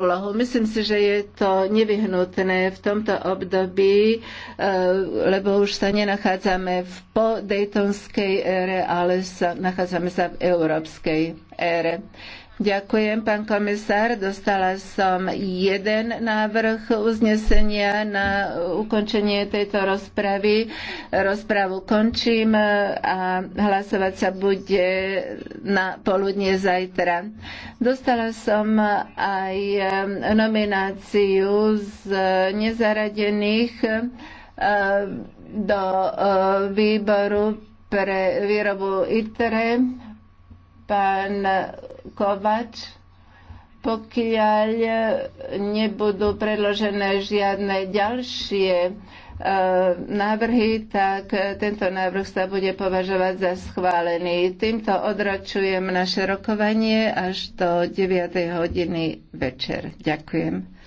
úlohu. Myslím si, že je to nevyhnutné v tomto období, e, lebo už sa nenachádzame v podejtonskej ére, ale sa, nachádzame sa v európskej ére. Ďakujem, pán komisár. Dostala som jeden návrh uznesenia na ukončenie tejto rozpravy. Rozpravu končím a hlasovať sa bude na poludne zajtra. Dostala som aj nomináciu z nezaradených e, do e, výboru pre výrobu ITRE pán Kovač, pokiaľ nebudú predložené žiadne ďalšie e, návrhy, tak tento návrh sa bude považovať za schválený. Týmto odračujem naše rokovanie až do 9. hodiny večer. Ďakujem.